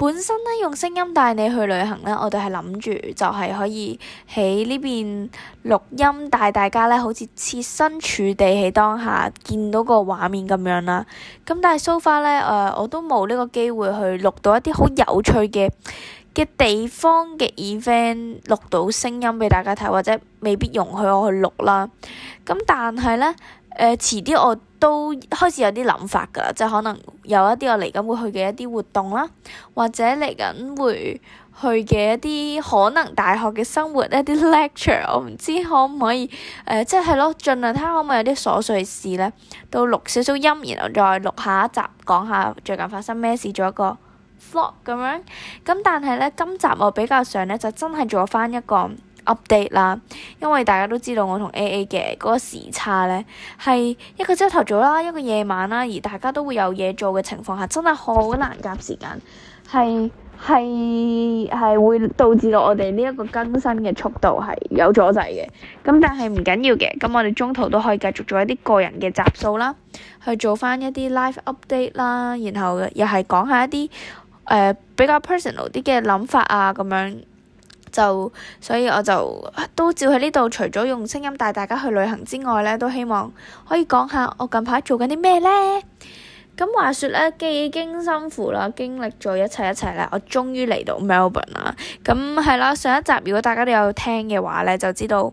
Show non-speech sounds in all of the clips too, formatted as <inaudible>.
本身咧用聲音帶你去旅行咧，我哋係諗住就係可以喺呢邊錄音帶大家咧，好似設身處地喺當下見到個畫面咁樣啦。咁但係 so far 咧，誒、呃、我都冇呢個機會去錄到一啲好有趣嘅嘅地方嘅 event 錄到聲音俾大家睇，或者未必容許我去錄啦。咁但係咧，誒遲啲我，都開始有啲諗法㗎啦，即係可能有一啲我嚟緊會去嘅一啲活動啦，或者嚟緊會去嘅一啲可能大學嘅生活一啲 lecture，我唔知可唔可以誒、呃，即係係咯，盡量睇下可唔可以有啲瑣碎事咧，都錄少少音，然後再錄下一集講下最近發生咩事，做一個 vlog 咁樣。咁但係咧，今集我比較想咧，就真係做翻一個 update 啦，因為大家都知道我同 AA 嘅嗰個時差咧，係一個朝頭早啦，一個夜晚啦，而大家都會有嘢做嘅情況下，真係好難夾時間，係係係會導致到我哋呢一個更新嘅速度係有阻滯嘅。咁但係唔緊要嘅，咁我哋中途都可以繼續做一啲個人嘅集數啦，去做翻一啲 live update 啦，然後又係講下一啲誒、呃、比較 personal 啲嘅諗法啊咁樣。就所以我就都照喺呢度，除咗用聲音帶大家去旅行之外咧，都希望可以講下我近排做緊啲咩咧。咁話說咧，幾經辛苦啦，經歷咗一切一切咧，我終於嚟到 Melbourne 啦。咁係啦，上一集如果大家都有聽嘅話咧，就知道。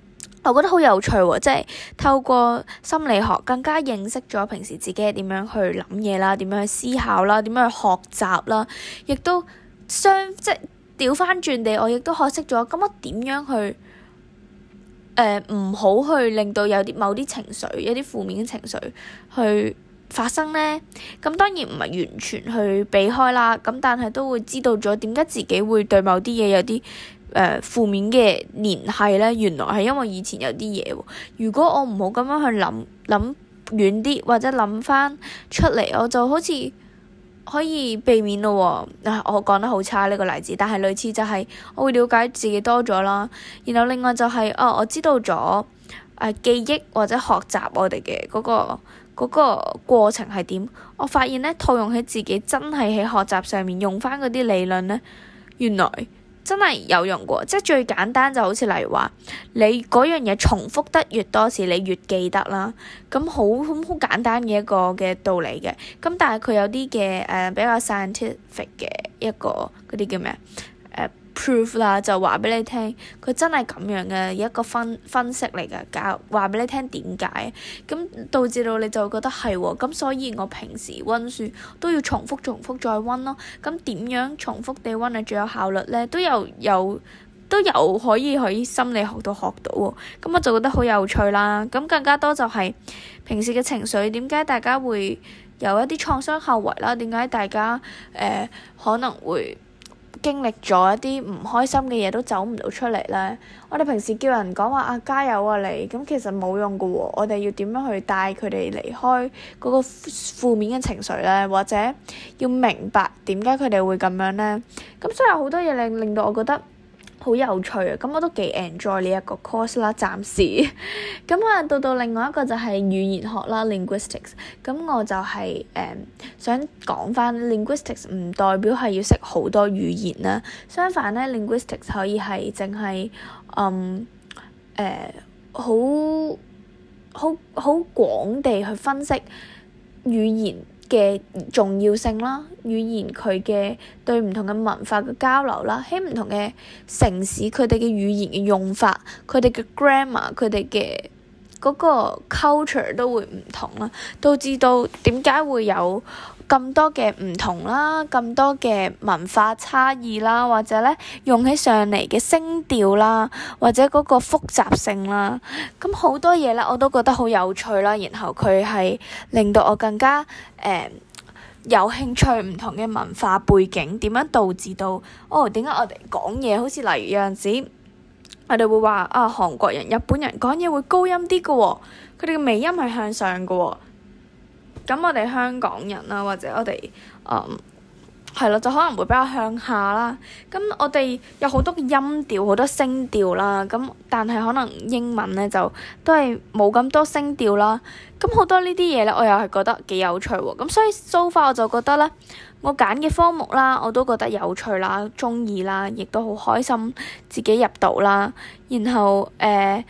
我覺得好有趣喎！即係透過心理學更加認識咗平時自己係點樣去諗嘢啦，點樣去思考啦，點樣去學習啦，亦都相即係掉返轉啦，我亦都學識咗咁我點樣去誒唔好去令到有啲某啲情緒、有啲負面嘅情緒去發生呢？咁當然唔係完全去避開啦，咁但係都會知道咗點解自己會對某啲嘢有啲。誒、呃、負面嘅聯繫呢，原來係因為以前有啲嘢喎。如果我唔好咁樣去諗諗遠啲，或者諗翻出嚟，我就好似可以避免咯喎、哦。嗱、呃，我講得好差呢、呢個例子，但係類似就係我會了解自己多咗啦。然後另外就係、是、哦、呃，我知道咗誒、呃、記憶或者學習我哋嘅嗰個嗰、嗰個過程係點。我發現呢套用喺自己真係喺學習上面用翻嗰啲理論呢，原來。真係有用過，即係最簡單就好似例如話，你嗰樣嘢重複得越多時，你越記得啦。咁好咁好簡單嘅一個嘅道理嘅，咁但係佢有啲嘅誒比較 scientific 嘅一個嗰啲叫咩？proof 啦，就話俾你聽，佢真係咁樣嘅一個分分析嚟㗎，教話俾你聽點解，咁導致到你就覺得係喎、哦，咁所以我平時温書都要重複重複再温咯，咁點樣重複地温啊最有效率呢？都有有都有可以喺心理學度學到喎、哦，咁我就覺得好有趣啦，咁更加多就係、是、平時嘅情緒點解大家會有一啲創傷後遺啦，點解大家誒、呃、可能會？經歷咗一啲唔開心嘅嘢都走唔到出嚟咧，我哋平時叫人講話啊，加油啊你，咁其實冇用㗎喎，我哋要點樣去帶佢哋離開嗰個負面嘅情緒咧，或者要明白點解佢哋會咁樣咧，咁所以有好多嘢令令到我覺得。好有趣啊！咁我都幾 enjoy 呢一個 course 啦。暫時咁啊， <laughs> 到到另外一個就係語言學啦，linguistics。咁我就係、是、誒、嗯、想講翻 linguistics，唔代表係要識好多語言啦。相反咧，linguistics 可以係淨係嗯誒好好好廣地去分析語言。嘅重要性啦，語言佢嘅對唔同嘅文化嘅交流啦，喺唔同嘅城市，佢哋嘅語言嘅用法，佢哋嘅 grammar，佢哋嘅嗰個 culture 都會唔同啦，導致到點解會有，咁多嘅唔同啦，咁多嘅文化差異啦，或者咧用起上嚟嘅聲調啦，或者嗰個複雜性啦，咁好多嘢咧，我都覺得好有趣啦。然後佢係令到我更加誒、呃、有興趣唔同嘅文化背景，點樣導致到哦？點解我哋講嘢好似例如樣子，我哋會話啊，韓國人、日本人講嘢會高音啲噶、哦，佢哋嘅尾音係向上噶、哦。咁我哋香港人啦，或者我哋誒係咯，就可能會比較向下啦。咁我哋有好多嘅音調、好多聲調啦。咁但係可能英文咧就都係冇咁多聲調啦。咁好多呢啲嘢咧，我又係覺得幾有趣喎。咁所以 so far，我就覺得咧，我揀嘅科目啦，我都覺得有趣啦、中意啦，亦都好開心自己入到啦。然後誒誒。呃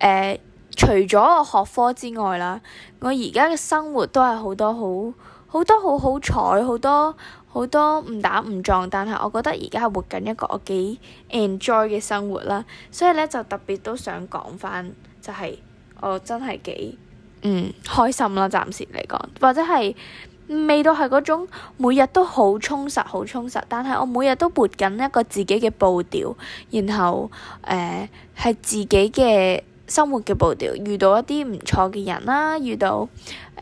呃。除咗我學科之外啦，我而家嘅生活都係好多好，好多好好彩，好多好多誤打誤撞，但係我覺得而家係活緊一個我幾 enjoy 嘅生活啦，所以呢就特別都想講返，就係我真係幾嗯開心啦，暫時嚟講，或者係未到係嗰種每日都好充實，好充實，但係我每日都活緊一個自己嘅步調，然後誒係、呃、自己嘅。生活嘅步調，遇到一啲唔錯嘅人啦、啊，遇到誒、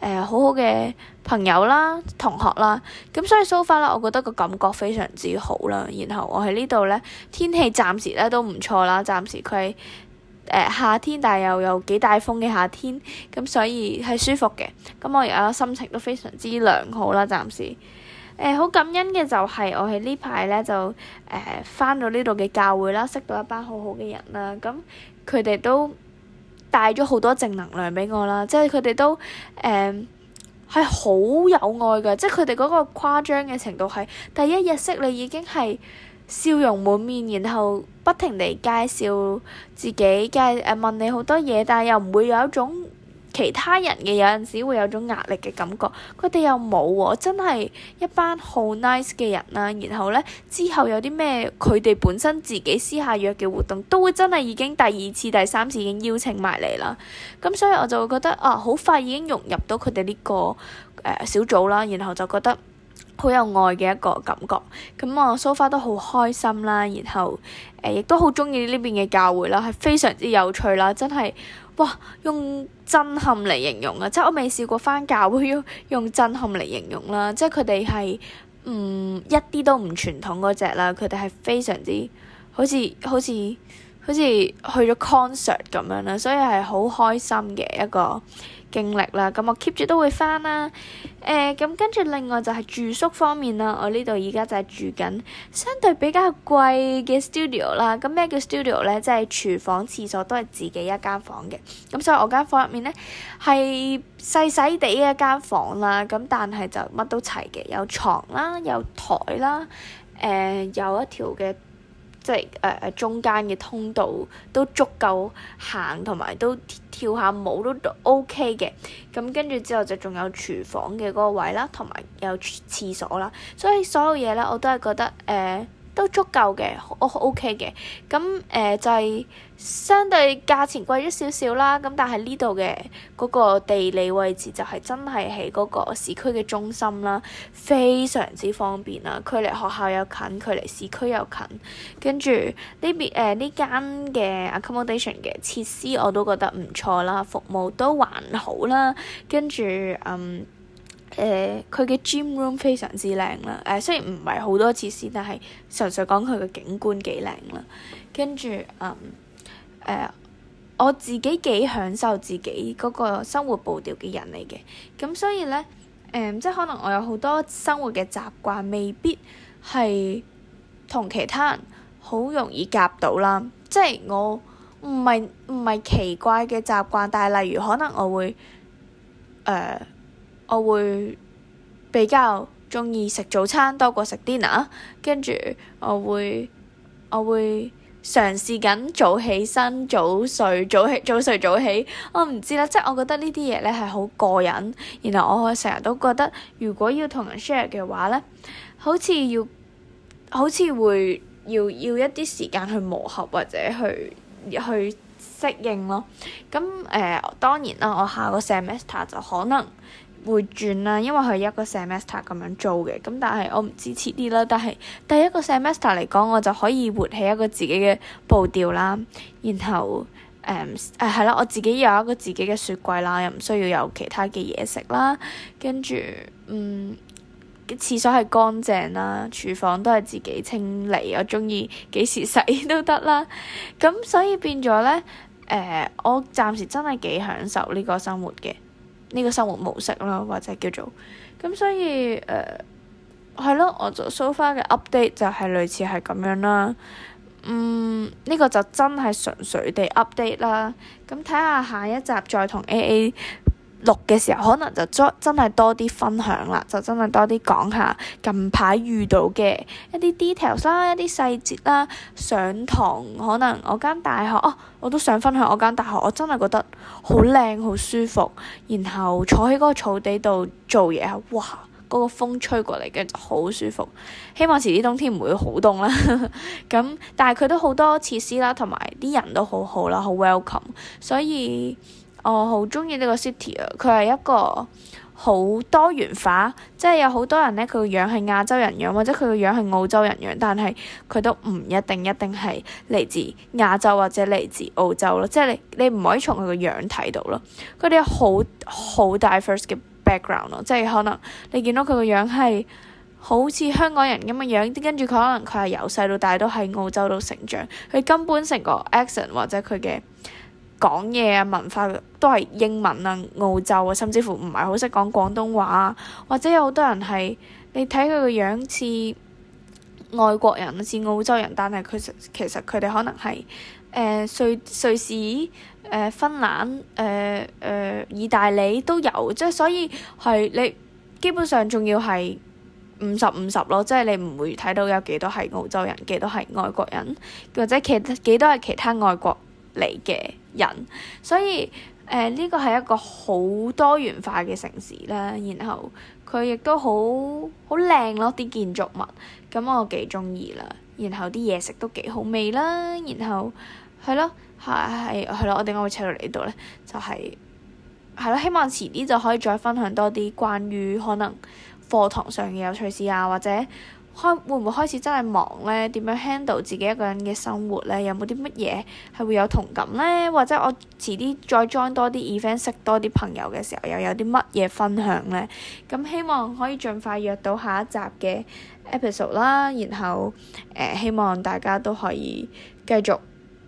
呃、好好嘅朋友啦、啊、同學啦、啊，咁所以 so far 啦，我覺得個感覺非常之好啦、啊。然後我喺呢度咧，天氣暫時咧都唔錯啦，暫時佢係、呃、夏天，但係又有幾大風嘅夏天，咁所以係舒服嘅。咁我而家心情都非常之良好啦、啊，暫時誒好、呃、感恩嘅就係我喺呢排咧就誒翻、呃、到呢度嘅教會啦，識到一班好好嘅人啦、啊，咁佢哋都～帶咗好多正能量畀我啦，即係佢哋都誒係好有愛㗎，即係佢哋嗰個誇張嘅程度係第一日識你已經係笑容滿面，然後不停地介紹自己，介誒問你好多嘢，但係又唔會有一種。其他人嘅有陣時會有種壓力嘅感覺，佢哋又冇喎、啊，真係一班好 nice 嘅人啦、啊。然後呢，之後有啲咩佢哋本身自己私下約嘅活動，都會真係已經第二次、第三次已經邀請埋嚟啦。咁所以我就會覺得啊，好快已經融入到佢哋呢個、呃、小組啦。然後就覺得好有愛嘅一個感覺。咁我 so far 都好開心啦。然後誒亦、呃、都好中意呢邊嘅教會啦，係非常之有趣啦，真係。哇！用震撼嚟形容啊，即係我未試過返教會用，用震撼嚟形容啦，即係佢哋係唔一啲都唔傳統嗰隻啦，佢哋係非常之好似好似好似去咗 concert 咁樣啦，所以係好開心嘅一個經歷啦，咁我 keep 住都會返啦。誒，咁跟住另外就係住宿方面啦，我呢度而家就係住緊，相對比較貴嘅 studio 啦。咁、嗯、咩叫 studio 呢？即係廚房、廁所都係自己一間房嘅。咁、嗯、所以我間房入面呢，係細細地一間房啦。咁但係就乜都齊嘅，有床啦，有枱啦，誒、呃、有一條嘅即係誒、呃、中間嘅通道都足夠行同埋都。跳下舞都 OK 嘅，咁跟住之後，就仲有廚房嘅嗰個位啦，同埋有，有廁所啦，所以所有嘢咧我都係覺得誒。呃都足夠嘅，ok 嘅。咁、哦、誒、okay 呃、就係、是、相對價錢貴咗少少啦，咁但係呢度嘅嗰個地理位置就係真係喺嗰個市區嘅中心啦，非常之方便啦。距離學校又近，距離市區又近。跟住呢邊誒呢間嘅 accommodation 嘅設施我都覺得唔錯啦，服務都還好啦。跟住嗯。誒佢嘅 gym room 非常之靚啦，誒、呃、雖然唔係好多設施，但係純粹講佢嘅景觀幾靚啦。跟住嗯誒、呃，我自己幾享受自己嗰個生活步調嘅人嚟嘅，咁所以咧誒、呃，即係可能我有好多生活嘅習慣，未必係同其他人好容易夾到啦。即係我唔係唔係奇怪嘅習慣，但係例如可能我會誒。呃我會比較中意食早餐多過食 dinner，跟住我會我會嘗試緊早起身、早睡、早起、早睡早起。我唔知啦，即係我覺得呢啲嘢咧係好過癮。然後我成日都覺得，如果要同人 share 嘅話咧，好似要好似會要要一啲時間去磨合或者去去適應咯。咁誒，呃，當然啦，我下個 semester 就可能。會轉啦，因為佢一個 semester 咁樣租嘅，咁但係我唔知遲啲啦。但係第一個 semester 嚟講，我就可以活起一個自己嘅步調啦。然後誒誒係啦，我自己有一個自己嘅雪櫃啦，又唔需要有其他嘅嘢食啦。跟住嗯，廁所係乾淨啦，廚房都係自己清理，我鍾意幾時洗都得啦。咁所以變咗咧誒，我暫時真係幾享受呢個生活嘅。呢個生活模式啦，或者叫做咁，所以誒係咯，我做 so far 嘅 update 就係類似係咁樣啦。嗯，呢、這個就真係純粹地 update 啦。咁睇下下一集再同 AA。錄嘅時候，可能就真真係多啲分享啦，就真係多啲講下近排遇到嘅一啲 detail 啦，一啲細節啦。上堂可能我間大學哦，我都想分享我間大學，我真係覺得好靚，好舒服。然後坐喺嗰個草地度做嘢，哇！嗰個風吹過嚟嘅就好舒服。希望遲啲冬天唔會好凍啦。咁 <laughs> 但係佢都好多設施啦，同埋啲人都好好啦，好 welcome。所以。我好鍾意呢個 city 啊！佢係一個好多元化，即係有好多人呢，佢個樣係亞洲人樣，或者佢個樣係澳洲人樣，但係佢都唔一定一定係嚟自亞洲或者嚟自澳洲咯。即係你你唔可以從佢個樣睇到咯。佢哋好好 diverse 嘅 background 咯，即係可能你見到佢個樣係好似香港人咁嘅樣，跟住佢可能佢係由細到大都喺澳洲度成長，佢根本成個 accent 或者佢嘅。講嘢啊，文化、啊、都係英文啊，澳洲啊，甚至乎唔係好識講廣東話啊。或者有好多人係你睇佢個樣似外國人，似澳洲人，但係佢其實佢哋可能係誒、呃、瑞瑞士、誒、呃、芬蘭、誒、呃、誒、呃、意大利都有，即係所以係你基本上仲要係五十五十咯，即、就、係、是、你唔會睇到有幾多係澳洲人，幾多係外國人，或者其幾多係其他外國嚟嘅人，所以誒呢個係一個好多元化嘅城市啦。然後佢亦都好好靚咯，啲建築物咁我幾中意啦。然後啲嘢食都幾好味啦。然後係咯，係係係咯，我點解會扯到嚟呢度咧？就係係咯，希望遲啲就可以再分享多啲關於可能課堂上嘅有趣事啊，或者。開會唔會開始真係忙咧？點樣 handle 自己一個人嘅生活咧？有冇啲乜嘢係會有同感咧？或者我遲啲再 join 多啲 event，識多啲朋友嘅時候又有啲乜嘢分享咧？咁希望可以盡快約到下一集嘅 episode 啦。然後誒、呃，希望大家都可以繼續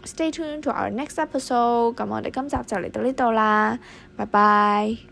stay tuned to our next episode。咁我哋今集就嚟到呢度啦，拜拜。